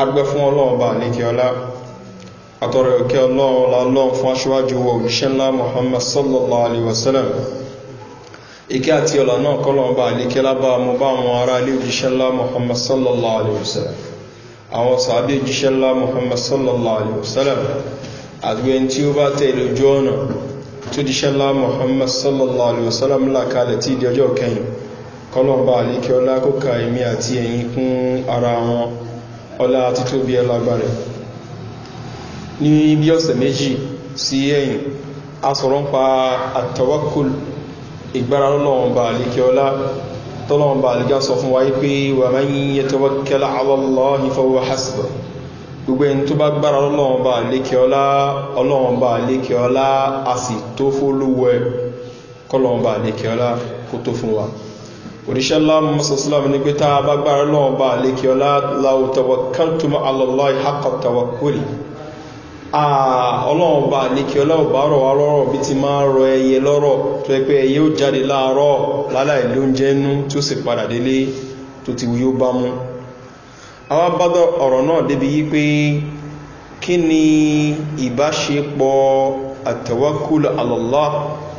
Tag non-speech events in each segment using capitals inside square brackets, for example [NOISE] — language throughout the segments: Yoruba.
adúgbẹ́ fún ọlọ́ọ̀bá àlékè ọlá àtọ̀rọ̀ òkè ọlọ́ọ̀lọ́ọ̀ fún aṣíwájú wọ òjíṣẹ́ ńlá muhammad sallallahu alaihi wasallam ike àti ọ̀là náà kọ́lọ̀ọ̀bá àlékè lábá mọ́ bá àwọn ará ilé òjíṣẹ́ ńlá muhammad sallallahu alaihi wasallam àwọn sàábí òjíṣẹ́ ńlá muhammad sallallahu alaihi wasallam àdúgbẹ́ tí ó bá tẹ̀lé ojú ọ̀nà tó díṣẹ́ ńlá muhammad sallallahu alaihi wasallam lákalẹ̀ tí ìdí ọjọ́ kẹyìn kọ́lọ̀ọ̀bá àlékè ọlá ọlá àti tó bí ẹlágbàrẹ̀ ní bí ọ̀sẹ̀ méjì sí ẹ̀yìn a sọ̀rọ̀ ń pa àtàwákùl ìgbára lọ́lọ́wọ́nba àlíkẹ́ ọlá tọ́lọ́wọ́nba àlíkẹ́ sọ fún wáyé pé wà máa ń yẹ tọ́wọ́kẹ́lá alọ́lọ́hìn fọwọ́ hasbà a sì tó fólúwẹ́ kọ́lọ́wọ́nba àlíkẹ́ ọlá kó tó fún wa òníṣẹ́ láàmú sọ́sílámù ní pé tá a bá gbára náà bá lékè ọlá láwù tọwọ́kántùmọ́ alọ́lá ìhákọ̀ tọwọ́kúrì ọlọ́run bá lékè ọlá ọba rọ̀ wá lọ́rọ̀ bí ti máa rọ ẹyẹ lọ́rọ̀ tó ẹ pé ẹyẹ ó jáde láàárọ̀ láláì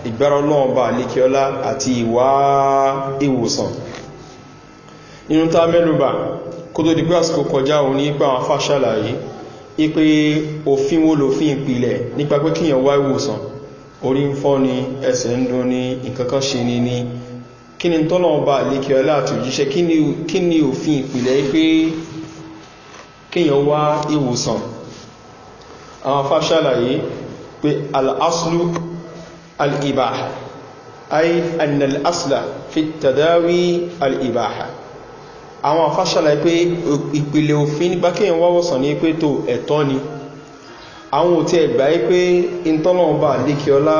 ìgbẹ́rọ náà bá alékiọlá àti ìwà ìwòsàn nínú tá mẹ́lúbà kó tó dìgbà sí kò kọjá òun ní ipa àwọn fàṣàlà yìí ipé òfin wo lòfin ìpìlẹ̀ nípa pé kíyàn wá ìwòsàn orí ń fọ́ ni ẹsẹ̀ ń dún ni nkankan ṣe ni ni kí ni tọ́nà ọba àlékiọlá àti òjíṣẹ́ kí ni òfin ìpìlẹ̀ pé kíyàn wá ìwòsàn àwọn fàṣàlà yìí pé al الإباحة أي أن الأصل في التداوي الإباحة àwọn afáṣàlá pé ìpìlẹ̀ òfin nígbà kí èèyàn wáwọ̀sàn ní pé tó ẹ̀tọ́ ni àwọn òtí ẹ̀gbà yí pé ìntọ́lọ́ọ̀bà lékè ọlá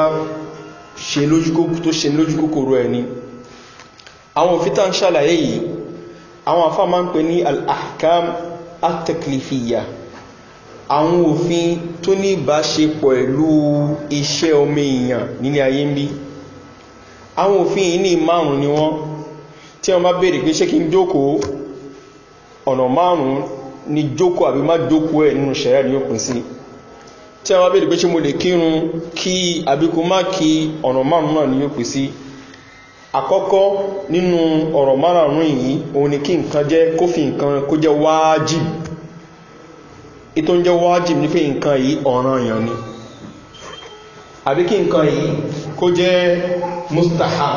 ṣe lójúkókò tó ṣe lójúkókòrò ẹ̀ ni àwọn òfítà ń ṣàlàyé yìí àwọn afá máa ń pè ní al at-taklifiyyah àwọn òfin tó ní ìbáṣe pẹ̀lú iṣẹ́ ọmọ èèyàn nílé ayé ń bí àwọn òfin yìí ní márùn-ún ni wọ́n tí wọ́n bá bèèrè pé ṣé kí n jókòó ọ̀nà márùn ni jókòó àbí má jókòó ẹ̀ nínú ṣẹ̀rẹ́ ni ó pín sí tí wọ́n bá bèèrè pé ṣé mo lè kírun kí àbíkú má kí ọ̀nà márùn náà ni ó pín sí àkọ́kọ́ nínú ọ̀rọ̀ márùn-ún yìí òun ni kí nǹkan jẹ́ kófin nǹkan kó jẹ́ wájìbì ètò ń jẹ́ wájìm ní pé nǹkan yìí ọ̀ràn èèyàn ni àbí kí nǹkan yìí kó jẹ́ mustaha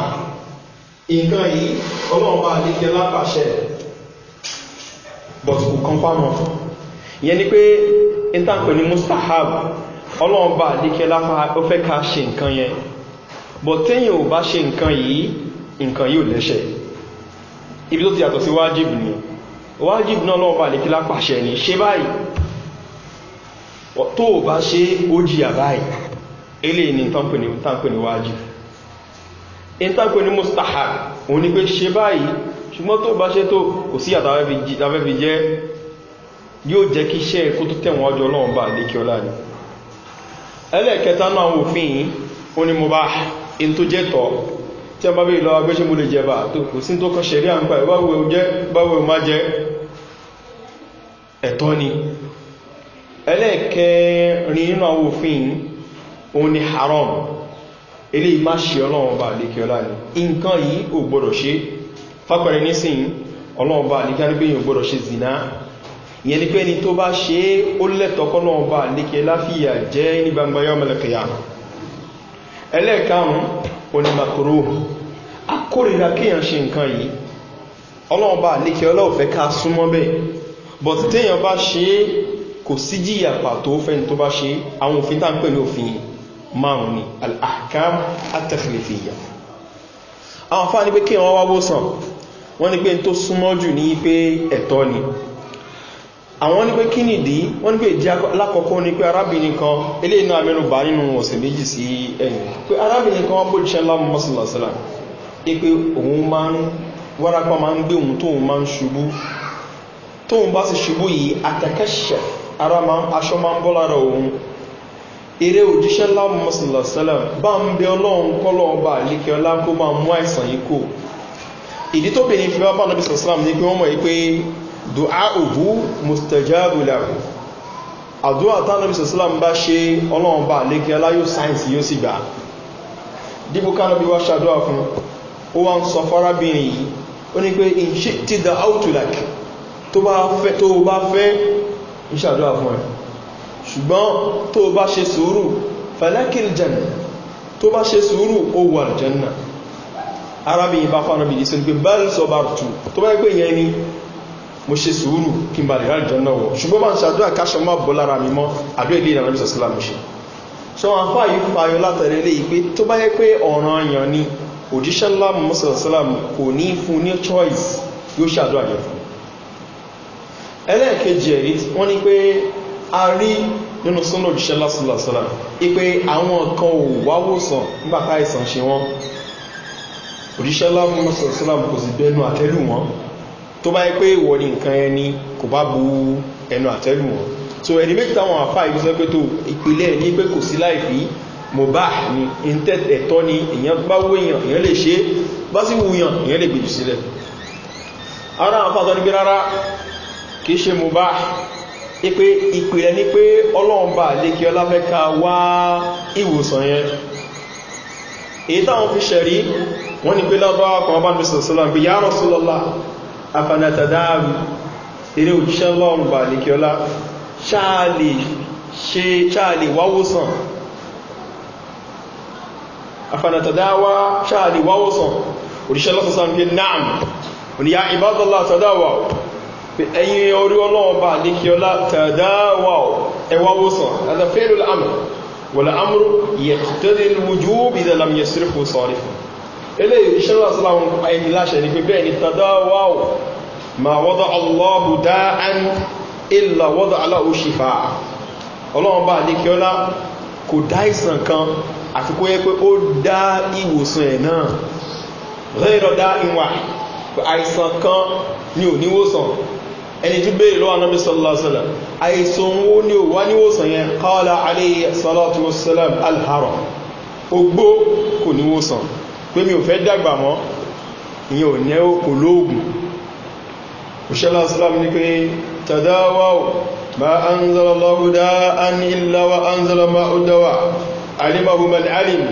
nǹkan yìí ọlọ́ọ̀bá àdíkẹ́ lápàṣẹ but kò kan fáwọn ìyẹn ni pé ìtànkù ni mustahab ọlọ́ọ̀bá àdíkẹ́ lápá ó fẹ́ ká ṣe nǹkan yẹn but tẹ́yìn ò bá ṣe nǹkan yìí nǹkan yìí ò lẹ́ṣẹ̀ ibi ni wájìb tó o bá ṣe ó jìyà báyìí eléyìí ni tánpé ní wájú ìtànkù ní mustahab òun ni pé ṣe báyìí ṣùgbọ́n tó bá ṣe tó kò sí àtàwẹ́bí jẹ́ yóò jẹ́ kí iṣẹ́ ẹ̀kú tó tẹ̀wọ̀n ọjọ́ ọlọ́run bá lè kí ọlá ní ẹlẹ́ẹ̀kẹta náà òfin yìí ó ní mo bá in tó jẹ́ ni ẹlẹ́ẹ̀kẹrin nínú àwọn òfin òun ni haram ilé ìmá ṣe ọlọ́run bá àdíkẹ́ ọlá ní nǹkan yìí ò gbọ́dọ̀ ṣe fápẹ̀rẹ̀ nísìn ọlọ́run bá àdíkẹ́ ní pé gbọ́dọ̀ ṣe zina ní gbangba ọlọ́ọ̀fẹ́ ká súnmọ́ bẹ́ẹ̀ bọ̀t téèyàn bá ṣe kò sí jíyà pàtó fẹ́ni tó bá ṣe àwọn òfin tá ń pè ní òfin márùn ni al'akam atẹ́kìlìfìyà àwọn afá ní pé kí wọ́n wáwó sàn wọ́n ní pé tó súnmọ́ jù ní pé ẹ̀tọ́ ni àwọn ní pé kí nìdí wọ́n ní pé ìdí alákọ̀ọ́kọ́ ní pé arábìnrin kan ilé iná amẹ́nubà nínú ọ̀sẹ̀ méjì sí ẹ̀yìn pé arábìnrin kan wọ́n bójúṣẹ́ ńlá mọ́sílọ̀sílà ní pé òun máa ń wárápá máa ń gbé òun tóun máa ń ṣubú tóun bá sì ṣubú yìí atẹ́kẹ́ṣẹ̀ẹ́ ara aṣọ máa ń bọ́ lára òun eré òjíṣẹ́ lámùsùlọ̀sẹ́lẹ̀m bá ń bẹ ọlọ́run kọ́lọ̀ ọba àlékẹ́ ọlá kó máa mú àìsàn yìí kò ìdí tó bèèrè fi wá bá nàbí sọ̀sọ́lám ní pé wọ́n mọ̀ yí pé dùá òbú mustajabularu àdúrà tá nàbí sọ̀sọ́lám bá ṣe ọlọ́run ọba àlékẹ́ ọlá yóò sáyẹ̀nsì yóò sì gbà dípò ká nàbí wá ṣàdúrà fún ó wá ń sọ fárábìnrin yìí ó ní pé ìṣe ti da outulac tó bá fẹ́ ń ṣàdúrà fún ẹ̀ ṣùgbọ́n tó bá ṣe sùúrù fẹ́lẹ́kìl jẹ́nà tó bá ṣe sùúrù ó wà jẹ́nà arábìnrin bá fánà bí ìsìn pé bẹ́ẹ̀lì sọba tù tó bá gbé yẹn ni mo ṣe sùúrù kí n bá lè rà jẹ́nà wọ̀ ṣùgbọ́n máa ń ṣàdúrà káṣọ má bọ́ lára mi mọ́ àdó ilé ìlànà choice yóò ṣàdúrà ẹlẹ́ẹ̀kejì ẹ̀rí wọ́n ní pé a rí nínú súnà òjíṣẹ́ lásìlásìlá ipé àwọn kan ò wáwòsàn nígbàtá ìsàn ṣe wọ́n òjíṣẹ́ lásìlásìlám kò sì bẹnu àtẹ́lù wọn tó bá yẹ pé ìwọ ni nǹkan ẹni kò bá bu ẹnu àtẹ́lù wọn so ẹni méjì táwọn àfáà ìlú sọ pé tó ìpìlẹ̀ ní pé kò sí láìfí mobah ni ẹ̀tọ́ ni èèyàn bá wó èèyàn èèyàn lè ṣe bá sì wù yàn èèyàn lè gbèjù sílẹ̀ ara àwọn afáà tó ní rárá kìí ṣe mùbá ipe ìpìlẹ̀ ní pé ọlọ́ọ̀bà lékí ọláfẹ́ká wá ìwòsàn yẹn èyí táwọn fi ṣẹ̀rí wọ́n ni pé lọ́bá ọkọ̀ ọba ní sọ̀sọ́lá bí yá rọ̀sọ́lọ́lá afanatadáàrù eré òjíṣẹ́ lọ́ọ̀bà lékí ọlá ṣáàlì wáwòsàn afanatadáwà ẹ̀yìn orí ọlọ́ọ̀bá ní kí ọlá tàdáwà ẹwà wòsàn àtàfẹ́lú àmì wọ̀lá amúrú yẹ̀tẹ́lẹ̀ lójú ìdàlàm yẹ̀sìrìkò sọ̀rí fún ilé iṣẹ́ lọ́síláwọn ẹni láṣẹ ní pé bẹ́ẹ̀ ni tàdáwà ma wọ́dọ̀ allahu dáán ilà wọ́dọ̀ aláhùsífà ọlọ́ọ̀bá ní kí ọlá kò dáìsàn kan àti kó yẹ pé ó dá ìwòsàn ẹ̀ náà rẹ́rọ̀ dá ni ò níwòsàn ẹni tó béèrè lọ́wọ́ anábi sallọ́sọ́lá àìsàn owó ní òwá níwòsàn yẹn kọ́ọ̀lá aléyé sallọ́tọ́sọ́lám alhárọ̀ ogbó kò níwòsàn pé mi ò fẹ́ dàgbà mọ́ ìyẹn ò ní kò lóògùn òṣèlá sallọ́m ní pé tàdáwà bá an zala lọ́húdá an ìlàwà an zala ma'udawa alimahu man alim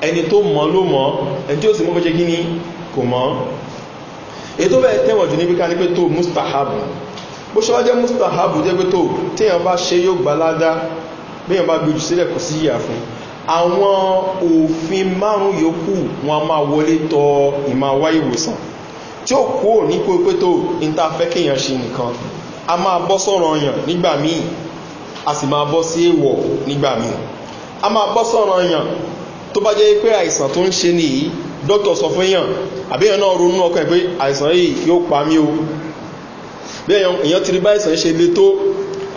ẹni tó mọ́ ló mọ́ ẹni tí ó sì mọ́ fẹ́ ṣe kí ni kò mọ́ ètò bẹ́ẹ̀ tẹ́wọ̀n jù ní pé ká ní pé tó mustahabu bó ṣe wá jẹ́ mustahabu jẹ́ pé tó téèyàn bá ṣe yóò gbà ládá béèyàn bá gbójú sílẹ̀ kò sí ìyà fún àwọn òfin márùn yòókù wọn a máa wọlé tọ ìmáwá ìwòsàn tí ó kúrò ní pé tó ìntafẹ́ ṣe nìkan a máa bọ́ sọ̀rọ̀ ọyàn nígbà míì a sì máa bọ́ sí èèwọ̀ nígbà míì a máa bọ́ sọ̀rọ̀ ọyàn tó bá jẹ́ pé àìsàn tó ń ṣe nìyí dókítà sọ fún èèyàn àbí èèyàn náà ronú ọkàn pé àìsàn yìí yóò pa mí o bí èèyàn ti rí bá àìsàn ṣe le tó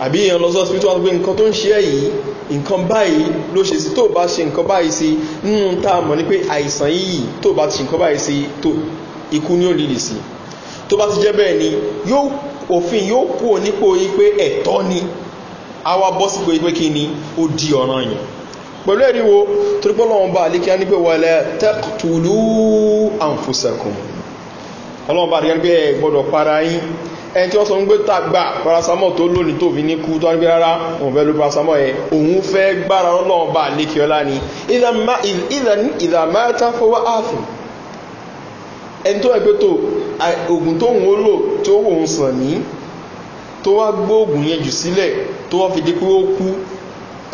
àbí èèyàn lọ sọ́sí tó wá pé nǹkan tó ń ṣe yìí nǹkan báyìí ló ṣe sí tó bá ṣe nǹkan báyìí sí nínú tá a mọ̀ ní pé àìsàn yìí tó bá ti ṣe nǹkan báyìí sí tó ikú ní òlìlì sí tó bá ti jẹ́ bẹ́ẹ̀ ni òfin yóò kú nípò yí pé ẹ̀tọ́ ni àwa bọ́ sí pé kí ni ó di ọ̀ràn yìí pẹ̀lú ẹ̀ríwo torípọ́lọ́wọ́n bá àlékíá ní pé wọlẹ̀ tẹ́kùtùlú àǹfùsẹ̀kùn ọlọ́wọ́n bá àlékíá ní pé ẹ gbọ́dọ̀ para yín ẹni tí wọ́n sọ ń gbé tàgbà parasamọ́ tó lónìí tó fi ní kú tó ń gbé rárá òun fẹ́ ló parasamọ́ yẹ òun fẹ́ gbára ọlọ́wọ́n bá àlékíọ́lá ni ìdàmáta fọwọ́ ààfin ẹni tó ẹgbẹ́ tó ògùn tó òun ó lò tí ó wò ń sàn ní tó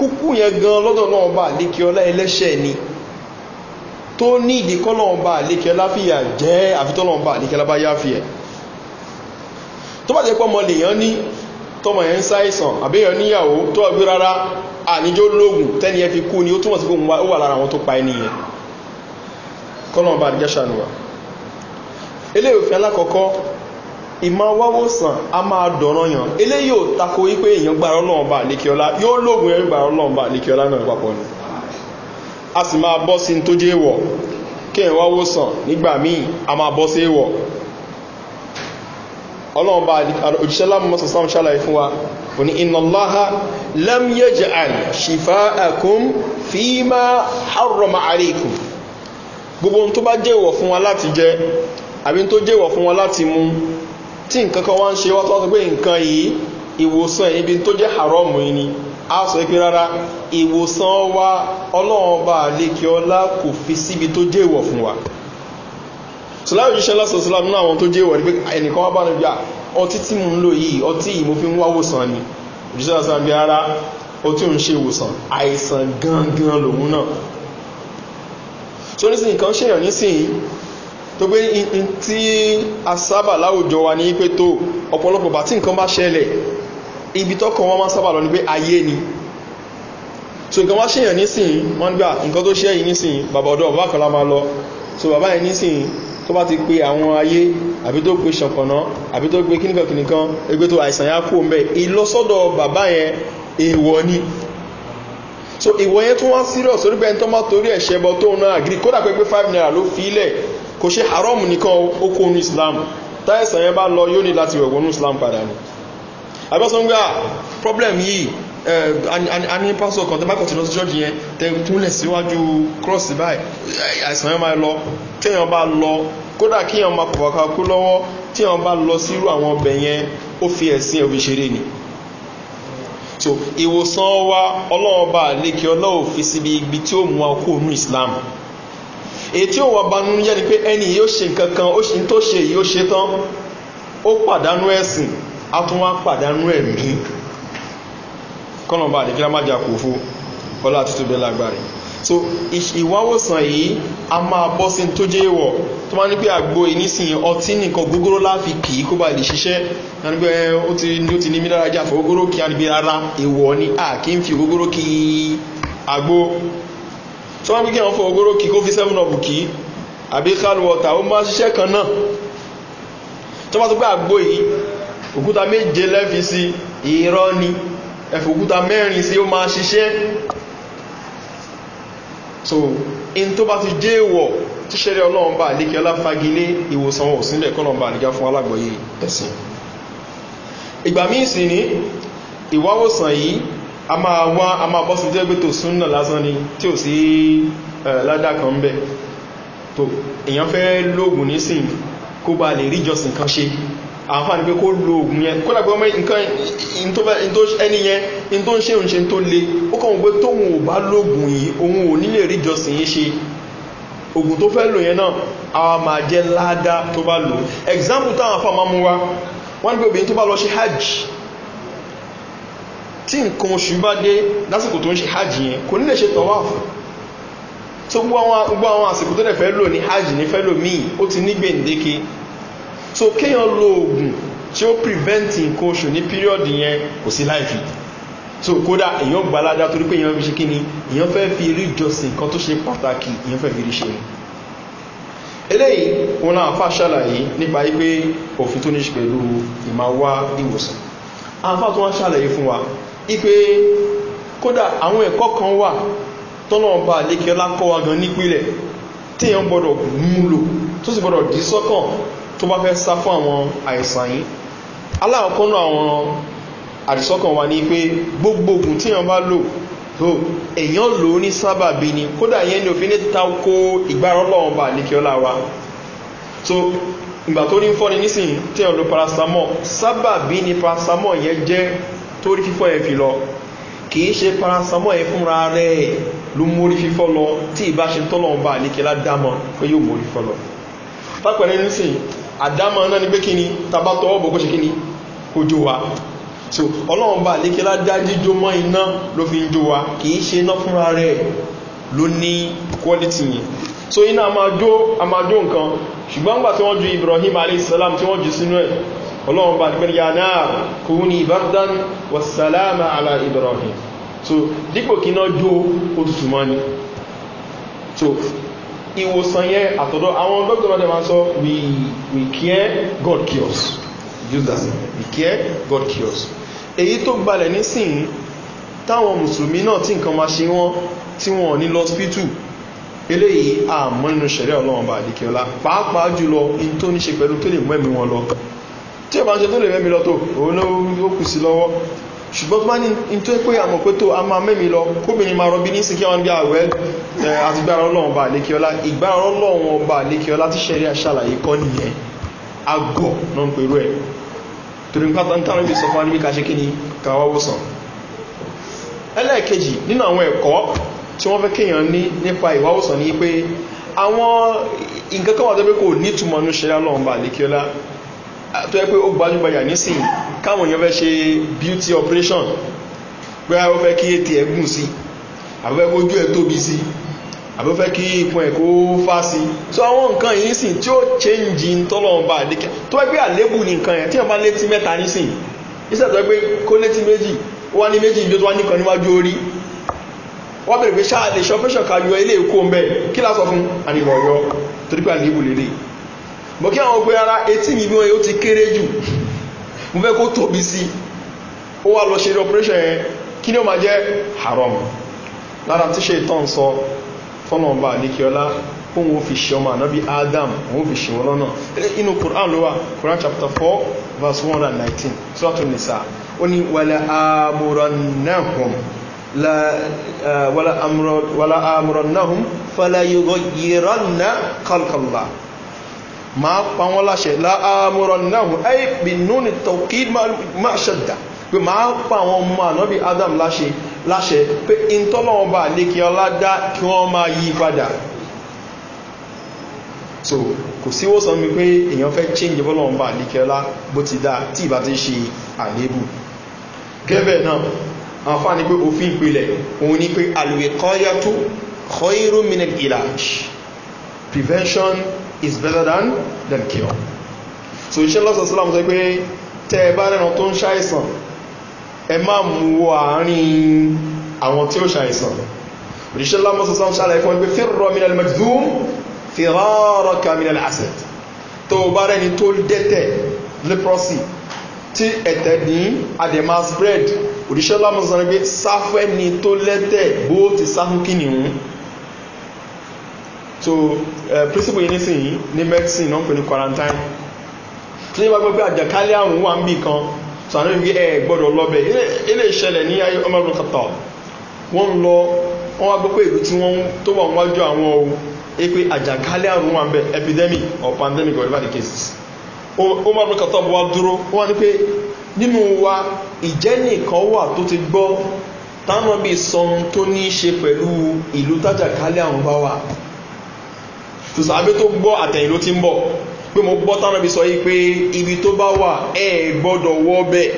kúkú yẹn gan lọ́dọ̀ náà bá lékè ọlá ẹlẹ́ṣẹ̀ ni tó ní ìdíkọ́ náà bá lékè ọlá fìyà jẹ́ àfitọ́ náà bá lékè ọlá bá yá fìyà tó bá jẹ́ pọ́ mọ́ lèèyàn ní tọ́mọ̀ yẹn ń sáìsàn àbẹ́yàn níyàwó tó ọgbé rárá àníjó lóògùn tẹ́ni ẹ fi kú ni ó túnmọ̀ sí gbogbo wà lára àwọn tó pa ẹni yẹn kọ́nà ọba àdìjẹ́ ṣànùwà eléyòfin alákọ̀ọ́kọ́ ìmọ̀ wáwó sàn a máa dọ̀rọ̀ yàn eléyìí ò tako wípé èèyàn gbà ọlọ́run bá lékiọlá yóò lóògùn ẹ̀rí gbà ọlọ́run bá lékiọlá náà papọ̀ ni a sì máa bọ́ sí tó jẹ́ èèwọ̀ kí èèyàn wáwó sàn nígbà míì a máa bọ́ sí èèwọ̀ ọlọ́run bá òjíṣẹ́ lámọ́ sàsán ṣàlàyé fún wa kò ní iná láha lẹ́mìyẹ́jẹ̀ àn ṣìfà ẹ̀kún fíìmá àrọ̀mà àríkùn gbogbo ohun tó bá jẹ́wọ̀ fún wa láti jẹ àbí tó jẹ́wọ̀ fún wa láti mú tí nǹkan kan wá ń ṣe wá tó wá sọ pé nǹkan yìí ìwòsàn ẹ̀ níbi tó jẹ́ haram yìí ni a sọ pé rárá ìwòsàn wa ọlọ́run ọba àlekè ọlá kò fi síbi tó jẹ́ ìwọ̀ fún wa sọláwì jíṣẹ́ lásán sọláwì nínú àwọn tó jẹ́ ìwọ̀ ni pé ẹnìkan wá bá ní bíà ọtí tí mò ń lò yìí ọtí yìí mo fi ń wá wòsàn ni òjíṣẹ́ lásán bí rárá ọtí òun ṣe ìwòsàn àìsàn gangan lòun náà so nísìnyí kan ṣèyàn nísìnyí tó pé tí a sábà láwùjọ wa ní pé tó ọ̀pọ̀lọpọ̀ bá tí nǹkan bá ṣẹlẹ̀ ibi tọ́kàn wọn máa sábà lọ ní pé ayé ni so nǹkan wá ṣèyàn nísìnyí wọ́n gbà nǹkan tó ṣẹ́yìn nísìnyí bàbá ọ̀dọ́ bàbá kan máa lọ so bàbá yẹn nísìnyí tó bá ti pe àwọn ayé àbí tó pe ṣànkànná àbí tó pe kíníkan kíníkan ẹgbẹ́ tó àìsàn yá kú mẹ́ ìlọsọ́dọ̀ bàbá yẹn èèwọ̀ ni so ìwọ̀ yẹn tún wá sírọ̀ sórí bẹ́ẹ̀ tó má torí ẹ̀ṣẹ̀ bọ́ tóun náà àgírí kódà pé pé five naira ló fi í kò ṣe haram nìkan ó ní islam táìsàn yẹn bá lọ yóò ní láti wẹ̀wọ̀ ní islam padà ní àbẹ́sọ̀ngbà ah, problem yìí a ní pásọ̀ kan tẹ́bá kọ̀tí lọ sí ṣọ́ọ̀jì yẹn tẹ́ túnlẹ̀ síwájú cross báyìí àìsàn yẹn máa lọ téèyàn bá lọ kódà kíyàn máa kọ̀ọ̀kan kú lọ́wọ́ téèyàn bá lọ fi so ìwòsàn wa ọlọ́ọ̀ba àlékè ọlọ́ọ̀fi síbi ibi tí ó mú akó islam ètí òwò abanú jẹ́ ni pé ẹni yóò ṣe nǹkan kan ó ṣe tó ṣe yìí ó ṣe tán ó pàdánù ẹ̀sìn á tún wá pàdánù ẹ̀mí kọ́nà bá àdékílá kò fún ọlá àti tóbi lágbára so ìwáwòsàn yìí a máa bọ́ sí tó jẹ́ ìwọ̀ tó máa ní pé àgbo ìnísìnyí ọtí nìkan gógóró láfi kì í kó bá lè ṣiṣẹ́ ní pé ó ti ní ó ti ní mí lára jà fún gógóró kí á níbi rárá ìwọ̀ ni a kì í fi gógóró kí àgbo tí wọ́n bí kí wọ́n fọ ogoro kí kó fi seven up kí àbí kálù ọ̀tà ó máa ṣiṣẹ́ kan náà tí wọ́n bá tó pé àgbo yìí òkúta méje lẹ́fi sí ìrọ́ ni ẹ̀fẹ̀ òkúta mẹ́rin sí ó máa ṣiṣẹ́ so in tó bá ti jẹ́ ìwọ̀ tí ṣẹ́rẹ́ ọlọ́run bá àlékẹ́ ọláfagilé ìwòsàn wọn ò sílẹ̀ kọ́nà bá àlékẹ́ fún alágbọ̀yé ẹ̀sìn ìgbà míì sì ní ìwáwòsàn yìí a máa wọ́n a máa bọ́sí jẹ́ gbétò súnnà lásán ni tí ò sí ládá kan bẹ̀ tó èyàn fẹ́ lóògùn nísìn kó bá lè ríjọsìn kan ṣe àǹfààní pé kó lóògùn yẹn kó dàgbé ọmọ nǹkan ẹni yẹn in tó ń ṣe òǹṣe tó le ó kàn wọ́n pé tóun ò bá lóògùn yìí òun ò nílè ríjọsìn yìí ṣe ogun tó fẹ́ lò yẹn náà àwọn máa jẹ́ ládá tó bá lò example táwọn afọ́ máa mú wa wọ́n ní pé obìnrin tó bá lọ ṣe hajj tí nǹkan oṣù bá dé lásìkò tó ń ṣe hajj yẹn kò ní lè ṣe tọ́wáàfù tó gbogbo àwọn àsìkò tó dẹ̀ fẹ́ lò ní hajj ní fẹ́ lò míì ó ti ní gbèǹdéke so kéèyàn lo oògùn tí ó prevent nǹkan oṣù ní píríọ̀dù yẹn kò sí láìfi so kódà èèyàn gba aládá torí pé èèyàn fi ṣe kíni èèyàn fẹ́ fi eré ìjọsìn nǹkan tó ṣe pàtàkì èèyàn fẹ́ fi rí ṣe eléyìí wọn náà fà ṣàlàyé nípa wípé òfin tó ní ṣe pẹ̀lú ìmáwá ìwòsàn àfà tó wá ṣàlàyé fún wa ipe kódà àwọn ẹ̀kọ́ kan wà tọ́lọ̀ọ̀bà lékẹ́ lákọ́wà gan nípìlẹ̀ tí èyàn gbọ́dọ̀ múlò tó sì gbọ́dọ̀ dí sọ́kàn tó bá fẹ́ sá fún àwọn àìsàn yìí aláàkọ́nà àwọn àdìsọ́kàn wa ní pé gbogbo ogun tí èyàn bá lò tó èyàn lò ní sábàbí ni kódà yẹn ni òfin ní tako ìgbárọ́lọ́ọ̀bà lékẹ́ ọlá wa so ìgbà tó ní fọ́ni nísìnyí tí èyàn lo paracetamol sábàbí ni paracetamol yẹn jẹ́ torí fífọ́ ẹ̀ fi lọ kìí ṣe parasamọ́ ẹ̀ fúnra rẹ̀ ló mórí fífọ́ lọ tí ìbá ṣe tọ́lọ̀ ń bá àlékelá dámọ̀ pé yóò mórí fífọ́ lọ lápẹ̀rẹ̀ nísìn àdámọ̀ náà ni pé kíni tàbá tọwọ́ bọ̀ kó kíni kó wa so ọlọ́run bá àlékelá dá jíjó mọ́ iná ló fi ń jó wa kìí ṣe iná fúnra rẹ̀ ló ní quality yẹn so iná a máa jó nǹkan ṣùgbọ́n gbà tí wọ́n ju ibrahim alayhisalam tí wọ́n ju sínú ẹ̀ ọlọ́run bá nígbẹ̀rẹ̀ ya náà kò ní ìbárdan wasalama ala ibrahim so dípò kí náà jó ó tutù so ìwòsàn yẹ àtọ̀dọ̀ àwọn dr adé we we care god cures use that we care god cures èyí tó gbalẹ̀ nísìn táwọn mùsùlùmí náà tí nǹkan máa ṣe wọ́n tí wọ́n ní lọ spítù eléyìí àmọ́nù ṣẹ̀rẹ́ ọlọ́wọ́n bá àdíkẹ́ ọlá pàápàá jùlọ in tó ní ṣe pẹ̀lú tó lè mọ́ ẹ̀mí wọn lọ tí o bá ń ṣe tó lè mẹ́mi lọ tó òun ló kù sí lọ́wọ́ ṣùgbọ́n tó bá ní tó pé àmọ̀ pé tó a máa mẹ́mi lọ kóbìnrin máa rọbí ní síkí wọn bí àwẹ́ ah, àti eh, gbára ọlọ́run bá lékiọlá ìgbára ọlọ́run bá lékiọlá tí ṣẹ̀rí àṣàlàyé kọ́ nìyẹn agọ̀ náà ń kí ni káwá wòsàn ẹlẹ́ẹ̀kejì nínú àwọn ṣẹ̀rí ọlọ́run tó yẹ pé ó gbajúgbajà nísìn káwọn èèyàn fẹ́ ṣe beauty operation pé ó fẹ́ kí ètè ẹ̀ gùn sí àbúfẹ́ kó ojú ẹ̀ tóbi sí àbúfẹ́ kí ìpọn ẹ̀ kó fá sí so àwọn nǹkan yìí sìn tí ó change ń tọ́lọ́run bá àdékẹ́ tó yẹ pé àlébù ní nǹkan yẹn tí wọ́n bá létí mẹ́ta nísìn iṣẹ́ tó yẹ pé kó létí méjì ó wá ní méjì ìjó tó wá nìkan níwájú orí wọ́n bèrè pé ṣáà lè ṣọ́ pẹ́ṣọ̀ ká yọ ilé ìkó ń bẹ́ẹ̀ kí lásọ fún àníwọ̀ yọ mo kí àwọn gbé ara etí mi bí wọ́n yóò ti kéré jù mo fẹ́ kó tóbi sí ó wá lọ ṣe operation yẹn kí ni ó ma jẹ́ haram lára tí ṣe ìtàn sọ fọ́nàmbà níkíọlá òun ò fi ṣe ọmọ ànábí adam òun fi ṣe wọn lọ́nà inú quran ló wà quran chapter 4 verse 119 sọ́tún nìsà ó ní wàlẹ̀ àmúrànnáhùn wàlẹ̀ àmúrànnáhùn máa pa wọ́n láṣẹ láàmúrọ̀ náà ẹ́ ìpinnu ní tọ́kí máa ṣẹ̀dá pé máa pa àwọn ọmọ ànábì adam láṣẹ láṣẹ pé ìntọ́lọ́wọ́n bá lè kí ọlá dá kí wọ́n máa yí padà so kò sí wọ́sàn mi pé èèyàn fẹ́ change bọ́lọ́wọ́n bá lè kí ọlá bó ti dá tí ìbá ti ṣe àlébù gẹ́bẹ̀ náà àǹfààní pé òfin ìpìlẹ̀ òun ni pé àlùwẹ̀kọ́ yàtọ̀ prevention is better than than kill. so iṣẹ́ lọ́sàn sílámù sọ pé tẹ́ ẹ bá rẹ̀ràn tó ń ṣàìsàn ẹ má mú wọ àárín àwọn tí ó ṣàìsàn òṣìṣẹ́ lámọ́sàn sílámù ṣàlàyé fún ẹgbẹ́ fẹ́rọ minal maximum fẹ́rọ ka minal asset tó bá rẹ̀ni tó dẹ́tẹ̀ leprosy tí ẹ̀tẹ̀ ní adema spread òṣìṣẹ́ lámọ́sàn sọ pé sáfẹ́ni tó lẹ́tẹ̀ bó ti sáfún kìnìún so uh, principle yìí nísìnyí ní medicine náà ń pè ní quarantine tí wọ́n gbọ́ pé àjàkálẹ̀ àrùn wà ń bì kan so àná ìwé ẹ̀ gbọ́dọ̀ lọ́bẹ̀ ilé ìṣẹ̀lẹ̀ ní ayé ọmọ ọdún kàtà wọ́n ń lọ wọ́n wá gbọ́ pé ìlú tí wọ́n tó wà wájú àwọn o é pé àjàkálẹ̀ àrùn wà ń bẹ epidemic or pandemic or whatever the case is ó máa rúkà tọ́bù wá dúró wọ́n ní pé nínú wa ìjẹ́ nìkan wà tó ti gbọ́ táwọn bí sọ tó ní í ṣe pẹ̀lú ìlú tájàkálẹ̀ àrùn bá wà tó sàbẹ́ tó gbọ́ àtẹ̀yìn ló ti ń bọ̀ pé mo gbọ́ tánàbí sọ yí pé ibi tó bá wà ẹ̀ gbọ́dọ̀ wọ́ bẹ̀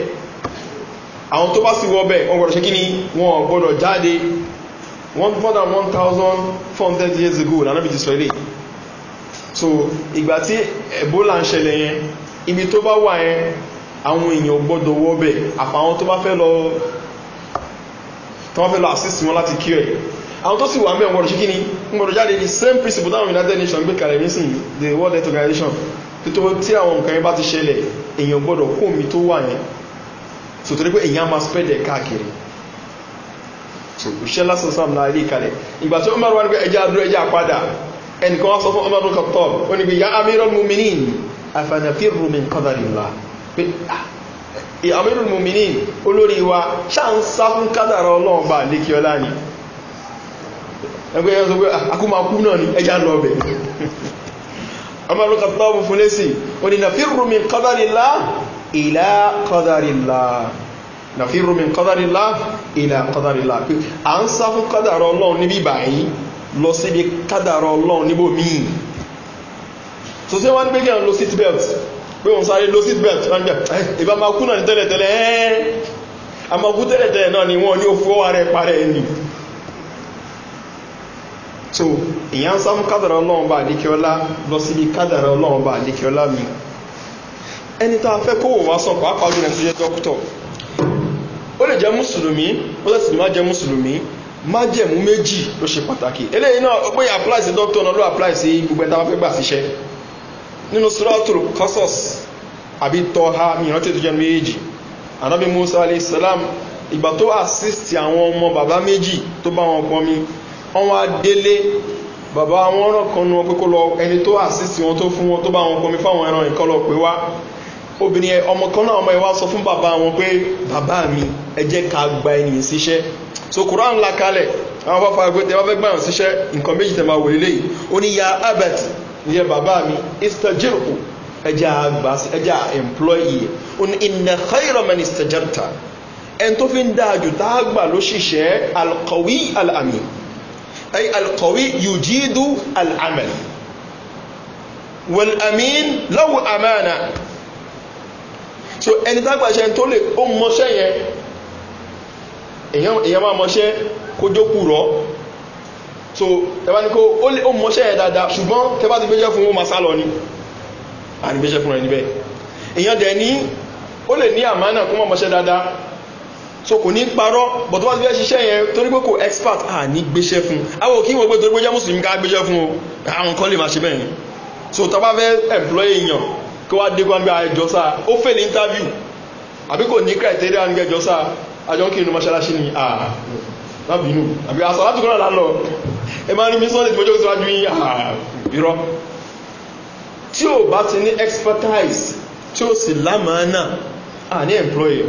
àwọn tó bá sì wọ́ bẹ̀ wọ́n gbọ́dọ̀ ṣe kí ni wọ́n gbọ́dọ̀ jáde one more than one thousand four hundred years ago lànàbí ti sọ ilé so ìgbà tí ebola ń ṣẹlẹ̀ yẹn ibi tó bá wà yẹn àwọn èèyàn gbọ́dọ̀ wọ́ bẹ̀ àfàwọn tó bá fẹ́ lọ assist wọn láti kí ẹ̀ àwọn tó sì wà mẹ́ ọgbọ̀rọ̀ ṣíkí ni ọgbọ̀rọ̀ jáde the same principle táwọn united nations gbé kalẹ̀ nísìn the world health organization tó tí àwọn nǹkan yẹn bá ti ṣẹlẹ̀ èèyàn gbọ́dọ̀ kó omi tó wà yẹn so torí pé èèyàn máa spread ẹ̀ káàkiri so òṣìṣẹ́ lásán sáàmù náà ilé ìkalẹ̀ ìgbà tí ọmọ wọn ní pé ẹja adúrú ẹja padà ẹnìkan wá sọ fún ọmọ ọdún kọtọ ó ní pé ya amírọ̀ muminin àfànàfíìrù mi kọ́dàrìlá pé ah, amírọ̀ muminin olórí wa ṣáà ń sá fún kádàrà ọlọ́ọ̀ba lékiọlá ni ẹgbẹ́ yẹn sọ pé akúmakú ah, náà ni ẹjá lọ bẹ̀ ọmọ ló kàtọ́ bù fún lẹ́sìn ó ní nàfírù mi kọ́dárìlá ìlà kọ́dárìlá nàfírù mi kọ́dárìlá ìlà kọ́dárìlá pé à ń sá fún kádàrọ ọlọ́run níbí báyìí lọ síbi kádàrọ ọlọ́run níbò míì tó tí wọ́n ń gbé kí àwọn lo seat belt pé òun sáré lo seat belt wọ́n gbẹ̀ eh, ìbá máa kú náà ní tẹ́lẹ̀tẹ́lẹ̀ ẹ́ẹ́ eh. àmọ́kú tẹ́lẹ̀tẹ́lẹ̀ náà ni wọ́n ní ó fọwọ́ rẹ̀ parẹ́ ẹni so èyàn sá mú kádàrà ọlọ́run bá àdíkíọ́lá lọ síbi kádàrà ọlọ́run bá àdíkíọ́lá mi ẹni tó afẹ́ kó wò wá sàn pàápàá jùlọ tó jẹ́ dókítọ̀ ó lè jẹ́ mùsùlùmí ó lè sì má jẹ́ mùsùlùmí má jẹ̀mú méjì ló ṣe pàtàkì eléyìí náà ó pé apply sí dókítọ̀ náà ló apply sí gbogbo ẹ̀ta fẹ́ gbà síṣẹ́ nínú suratul kọ́sọ̀s àbí tọ́ha mìíràn tó jẹ́ méjì anábì musa alayhi salam ìgbà tó assist àwọn ọmọ bàbá méjì tó bá wọn pọn mi wọ́n wá délé bàbá wọn ràn kan nu wọn pé kó lọ ẹni tó àṣìṣì wọn tó fún wọn tó bá wọn pọnmi fáwọn ẹran nǹkan lọ pé wá obìnrin ọmọ kan náà ọmọ ẹ wá sọ fún bàbá wọn pé bàbá mi ẹ jẹ́ ká gba ènìyàn síṣẹ́ so kùrán ńlá kalẹ̀ àwọn bá fara gbé tẹ́wọ́ fẹ́ gbà yàn síṣẹ́ nǹkan méjì tẹ́ máa wò lélẹ́yìí ó ní ya albert ìyẹn bàbá mi istajirku ẹjẹ́ àgbàsí ẹjẹ́ àẹ̀mplọ́yì ó ní iná khairoman istajarta ẹni tó fi ń dáa jù tá a gbà ló ṣiṣẹ́ alkawi alami أي القوي يجيد العمل والأمين لو أمانة so ẹni tágbà ṣe tó lè ó mọ́ṣẹ́ yẹn èyàn máa mọ́ṣẹ́ kó jókù rọ́ so ẹbá ní kó ó mọ́ṣẹ́ yẹn dáadáa ṣùgbọ́n tẹbá ti gbéṣẹ́ fún ó ma sálọ ní àrígbéṣẹ́ fún rẹ̀ níbẹ̀ èyàn dẹ̀ ní ó lè ní àmánà kó mọ́ mọ́ṣẹ́ dáadáa so kò ní parọ́ but tó bá ti fẹ́ ṣiṣẹ́ yẹn torí pé kò expert à ní gbéṣẹ́ fún àwọn òkè ìwọ̀n pé torí pé jẹ́ mùsùlùmí ká gbéṣẹ́ fún o àwọn kan lè máa ṣe bẹ́ẹ̀ ni so tó bá fẹ́ employ èèyàn kí wọ́n á dé gbangba ẹjọ́ sáà ó fẹ́ ní interview àbí kò ní criteria ní ẹjọ́ sáà àjọ kí inú mọ́ṣáláṣí ni à ah, lábìínú àbí àṣọ láti kọ́nà lálọ́ ẹ máa rí mi sọ́ọ́lì tí mo jókòó síwájú yín à ah, irọ́ tí ò bá ti ní expertise tí ò sì lámàánà à ní employer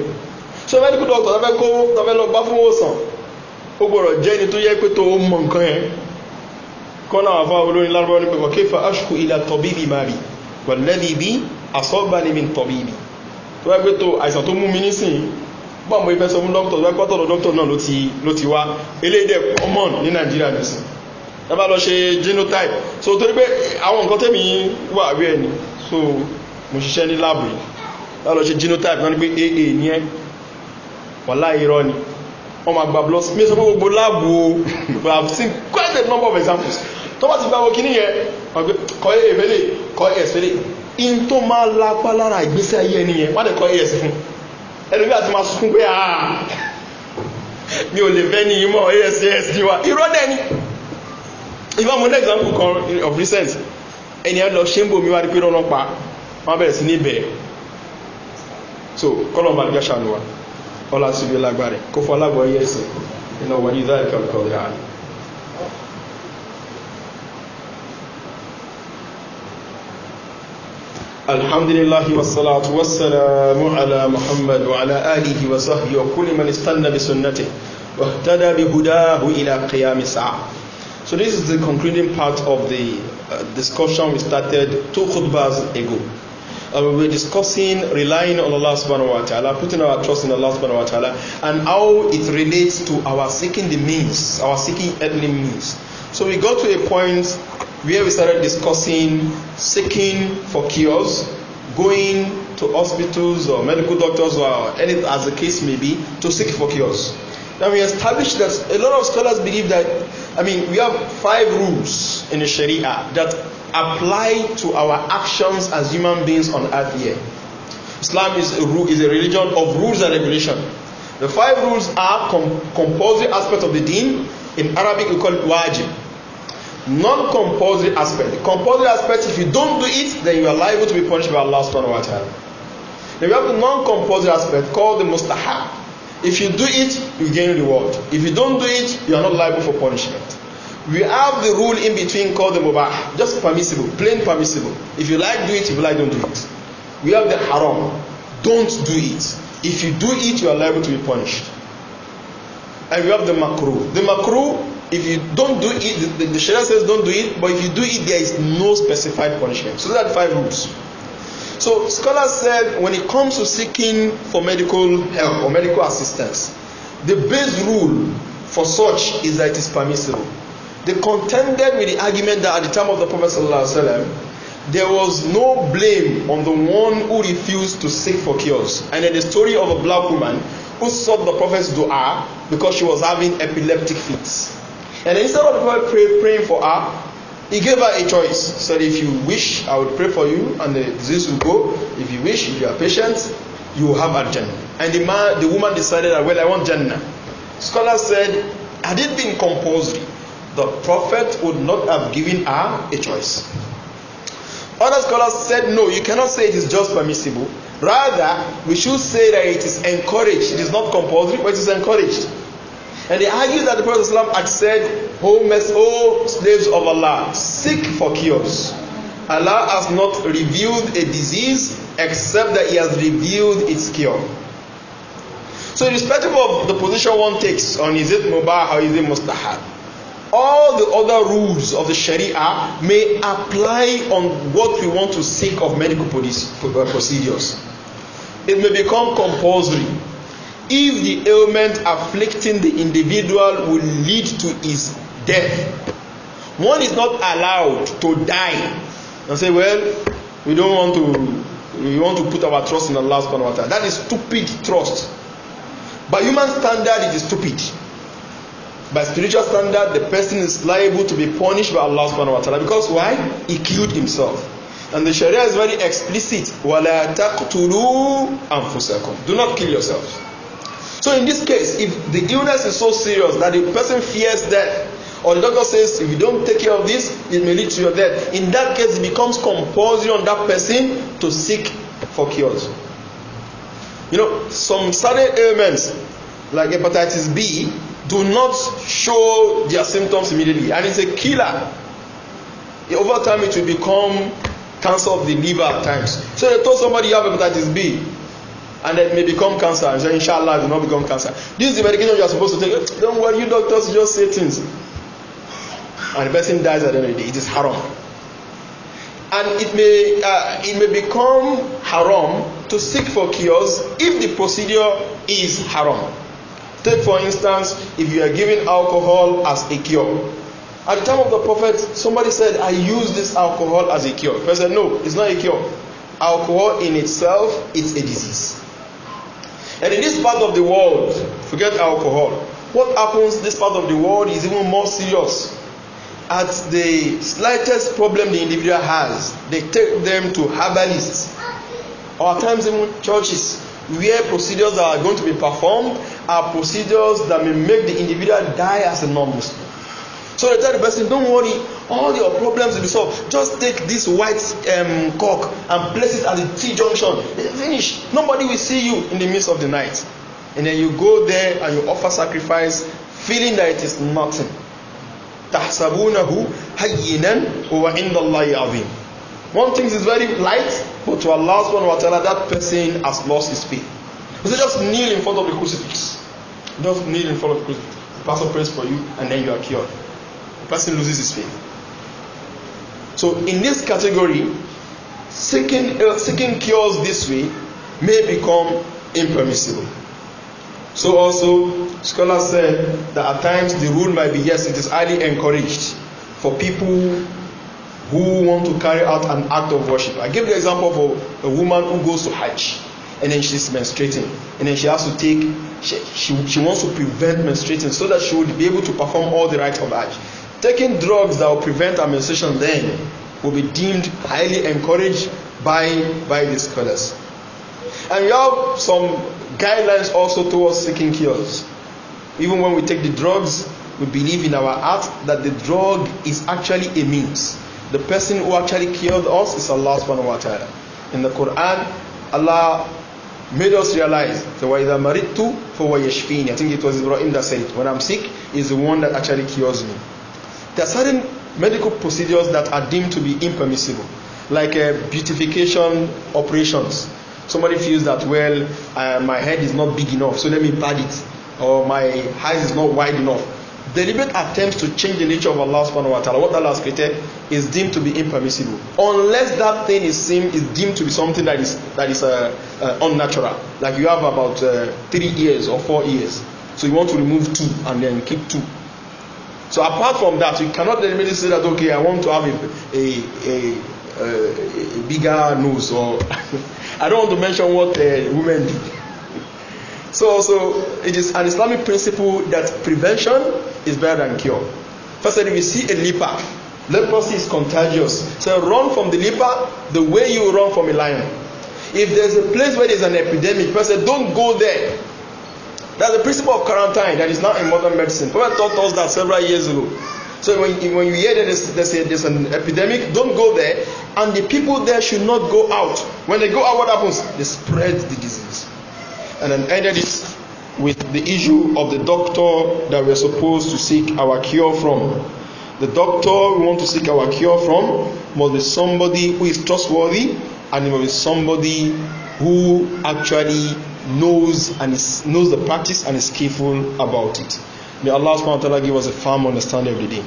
so medical doctor tọ́fẹ́ kó tọ́fẹ́ lọ bá fún òsàn ó gbọ́dọ̀ jẹ́ ni tó yẹ pé tó mọ̀ nǹkan yẹn kọ́nà àfa olórin lárúbọ́ ní pẹ̀kọ́ kéfà aṣùkú ilà tọ́bíbì máa rì wọ̀lẹ́bí bí àsọ́gbà níbi tọ́bíbì tó yẹ pé tó àìsàn tó mú mi nísìnyí bọ́n mo fẹ́ sọ fún dókítà tó yẹ pé tọ́tọ̀ dókítà náà ló ti wá eléyìí common ní nàìjíríà nìsín ẹ bá lọ ṣe genotype so torí pé àwọn nǹkan tẹ́mi wà wí ẹni so mo ṣiṣẹ́ ní láàbù yìí bá lọ ṣe genotype náà ni pé aa ní ẹ́ wọ́lá irọ́ ni wọ́n ma gba blood mi sọ gbogbo láàbù o i seen quite a number of examples tó bá ti gba òkí nìyẹn kọ́ èfèlè kọ́ èfèlè in tó máa lápá lára ìgbésẹ̀ ayé ẹniyẹn wọ́n dẹ̀ kọ́ es fún ẹni bí a ti máa sún pé àà ah, mi ò lè fẹ́ ní ìmọ̀ asas ní wa irọ́ dẹ̀ ni ìfẹ́ mo ní example kan of recent ẹni ẹ lọ ṣe ń bò mí wá rí pé rọ́nà pa wọ́n bẹ̀rẹ̀ sí ní so kọ́lọ̀ bá ní gbẹ́sà ọlá síbi lágbàrẹ̀ kó fọ́ alágbọ̀ yẹ́ sí iná wọ́n yíza ìkọ̀lùkọ̀lù ààrẹ alhamdulillahi wasalatu wasalamu ala muhammadu ala alihi wa sahbihi wa kulli man istanna bi sunnati wa ihtada bi hudahu ila qiyam sa'a so this is the concluding part of the uh, discussion we started two khutbahs ago and uh, we were discussing relying on Allah subhanahu wa ta'ala, putting our trust in Allah subhanahu wa ta'ala, and how it relates to our seeking the means, our seeking earthly means. So we got to a point where we started discussing seeking for cures, going to hospitals or medical doctors or any as the case may be to seek for cures. Now we established that a lot of scholars believe that I mean we have five rules in the Sharia that apply to our actions as human beings on earth here. Islam is a, is a religion of rules and regulation. The five rules are com compulsory aspect of the deen. In Arabic, we call it wajib. Non-compulsory aspect. The compulsory aspect, if you don't do it, then you are liable to be punished by Allah subhanahu wa ta'ala. Then we have the non-compulsory aspect called the mustahab. If you do it, you gain reward. If you don't do it, you are not liable for punishment we have the rule in between called the mubah just permissible plain permissible if you like do it if you like don't do it we have the haram don't do it if you do it you are liable to be punished and we have the makruh the makruh if you don't do it the, the, sharia says don't do it but if you do it there is no specified punishment so those are the five rules so scholars said when it comes to seeking for medical help or medical assistance the base rule for such is that it is permissible They contended with the argument that at the time of the Prophet ﷺ, there was no blame on the one who refused to seek for cures. And then the story of a black woman who sought the Prophet's dua because she was having epileptic fits. And instead of the Prophet pray, praying for her, he gave her a choice. said, If you wish, I will pray for you and the disease will go. If you wish, if you are patient, you will have a Jannah. And the, man, the woman decided that, Well, I want Jannah. Scholars said, Had it been compulsory, the prophet would not have given her a choice. Other scholars said, no, you cannot say it is just permissible. Rather, we should say that it is encouraged. It is not compulsory, but it is encouraged. And they argued that the Prophet had said, O, mes- o slaves of Allah, seek for cures. Allah has not revealed a disease except that He has revealed its cure. So, irrespective of the position one takes on is it mubah or is it mustahab, all the other rules of the Sharia may apply on what we want to seek of medical uh, procedures. It may become compulsory if the ailment afflicting the individual will lead to his death. One is not allowed to die and say, well, we don't want to, we want to put our trust in Allah subhanahu wa ta'ala. That is stupid trust. By human standard, it is stupid by spiritual standard the person is liable to be punished by allah subhanahu wa ta'ala because why he killed himself and the sharia is very explicit wala taqtulu anfusakum do not kill yourselves so in this case if the illness is so serious that the person fears death or the doctor says if you don't take care of this it may lead to your death in that case it becomes compulsory on that person to seek for cures you know some certain ailments like hepatitis b do not show their symptoms immediately and it's a killer over time it will become cancer of the liver at times so they told somebody you have hepatitis b and it may become cancer and so inshallah it will not become cancer this is the medication you are supposed to take eh, don't worry you doctors just say things and the person dies at the end of the day it is haram and it may uh, it may become haram to seek for cures if the procedure is haram Take, for instance, if you are giving alcohol as a cure. At the time of the Prophet, somebody said, I use this alcohol as a cure. The Prophet said, No, it's not a cure. Alcohol in itself is a disease. And in this part of the world, forget alcohol. What happens in this part of the world is even more serious. At the slightest problem the individual has, they take them to herbalists or at times even churches where procedures that are going to be performed are procedures that may make the individual die as a non So they tell the person, don't worry, all your problems will be solved. Just take this white um, cock and place it at the T junction. Finish. Nobody will see you in the midst of the night. And then you go there and you offer sacrifice, feeling that it is nothing. تحسبونه هينا وعند الله عظيم One thinks it's very light, but to Allah subhanahu wa ta'ala, that person has lost his faith. He said, just kneel in front of the crucifix. Just kneel in front of the crucifix. The pastor prays for you, and then you are cured. The person loses his faith. So, in this category, seeking, uh, seeking cures this way may become impermissible. So also, scholars said that at times the rule might be yes, it is highly encouraged for people who want to carry out an act of worship. I gave the example of a, a woman who goes to Hajj and then she's menstruating and then she has to take she, she, she wants to prevent menstruating so that she would be able to perform all the rites of Hajj. Taking drugs that will prevent her menstruation then will be deemed highly encouraged by by the scholars. And we have some guidelines also towards seeking cures. Even when we take the drugs, we believe in our heart that the drug is actually a means the person who actually cured us is Allah subhanahu wa ta'ala. In the Quran, Allah made us realize that وَإِذَا مَرِضْتُ فَهُوَ يَشْفِينِ I think it was Ibrahim that said it. When I'm sick, is the one that actually cures me. There are certain medical procedures that are deemed to be impermissible, like uh, beautification operations. Somebody feels that, well, uh, my head is not big enough, so let me pad it, or my eyes is not wide enough, deliberate attempts to change the nature of Allah subhanahu wa ta'ala, what Allah has created, is deemed to be impermissible. Unless that thing is seen, is deemed to be something that is that is uh, uh, unnatural. Like you have about uh, three years or four years. So you want to remove two and then keep two. So apart from that, you cannot deliberately say that okay, I want to have a a, a, a, uh, a bigger nose or [LAUGHS] I don't want to mention what uh, women do. So, so it is an Islamic principle that prevention is better than cure. First, if you see a leper, leprosy is contagious. So run from the leper the way you run from a lion. If there's a place where there's an epidemic, person don't go there. That's the principle of quarantine that is now in modern medicine. Prophet taught us that several years ago. So when, when you hear that there's, there's, a, there's an epidemic, don't go there. And the people there should not go out. When they go out, what happens? They spread the disease and then ended it with the issue of the doctor that we are supposed to seek our cure from. The doctor we want to seek our cure from must be somebody who is trustworthy and it must be somebody who actually knows and is, knows the practice and is careful about it. May Allah subhanahu wa ta'ala give us a firm understanding of the day.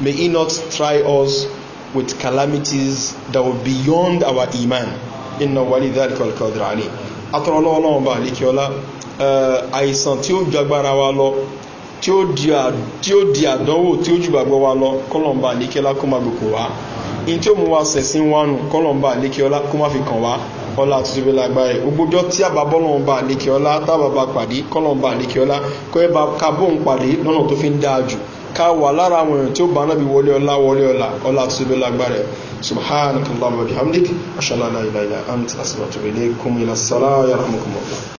May He not try us with calamities that were beyond our iman. Inna wali dhalika al-qadr atọ́rọlọ́wọ́lọ́wọ́ bá àlékiọlá eh, àìsàn tí ó jagbára wa lọ tí ó di àdánwò tí ó jùgbàgbọ́ wa lọ kọ́lọ̀mbà àlékiọlá kó má gbogbo wa in tí ó mú wa sẹ̀sìn wánu kọ́lọ̀mbà àlékiọlá kó má fi kàn wá ọlá àtúntúbẹ̀ lágbára ògbójọ́ tí àbábọ́lọ́mbà àlékiọlá tábàbà pàdé kọ́lọ̀mbà àlékiọlá kọ́ ẹ bá kábóhùn pàdé lọ́nà tó fi ń dáa jù ká wà lára àwọn èèyàn tí ó bá nábi wọlé ọlá wọlé ọlá ọlá tó síbẹ̀ lágbára ẹ̀ subhanahu wa ta'ala wa bihamdik ashalala ilaha illa anta astaghfiruka wa atubu ilayk kum ila salam yarhamukumullah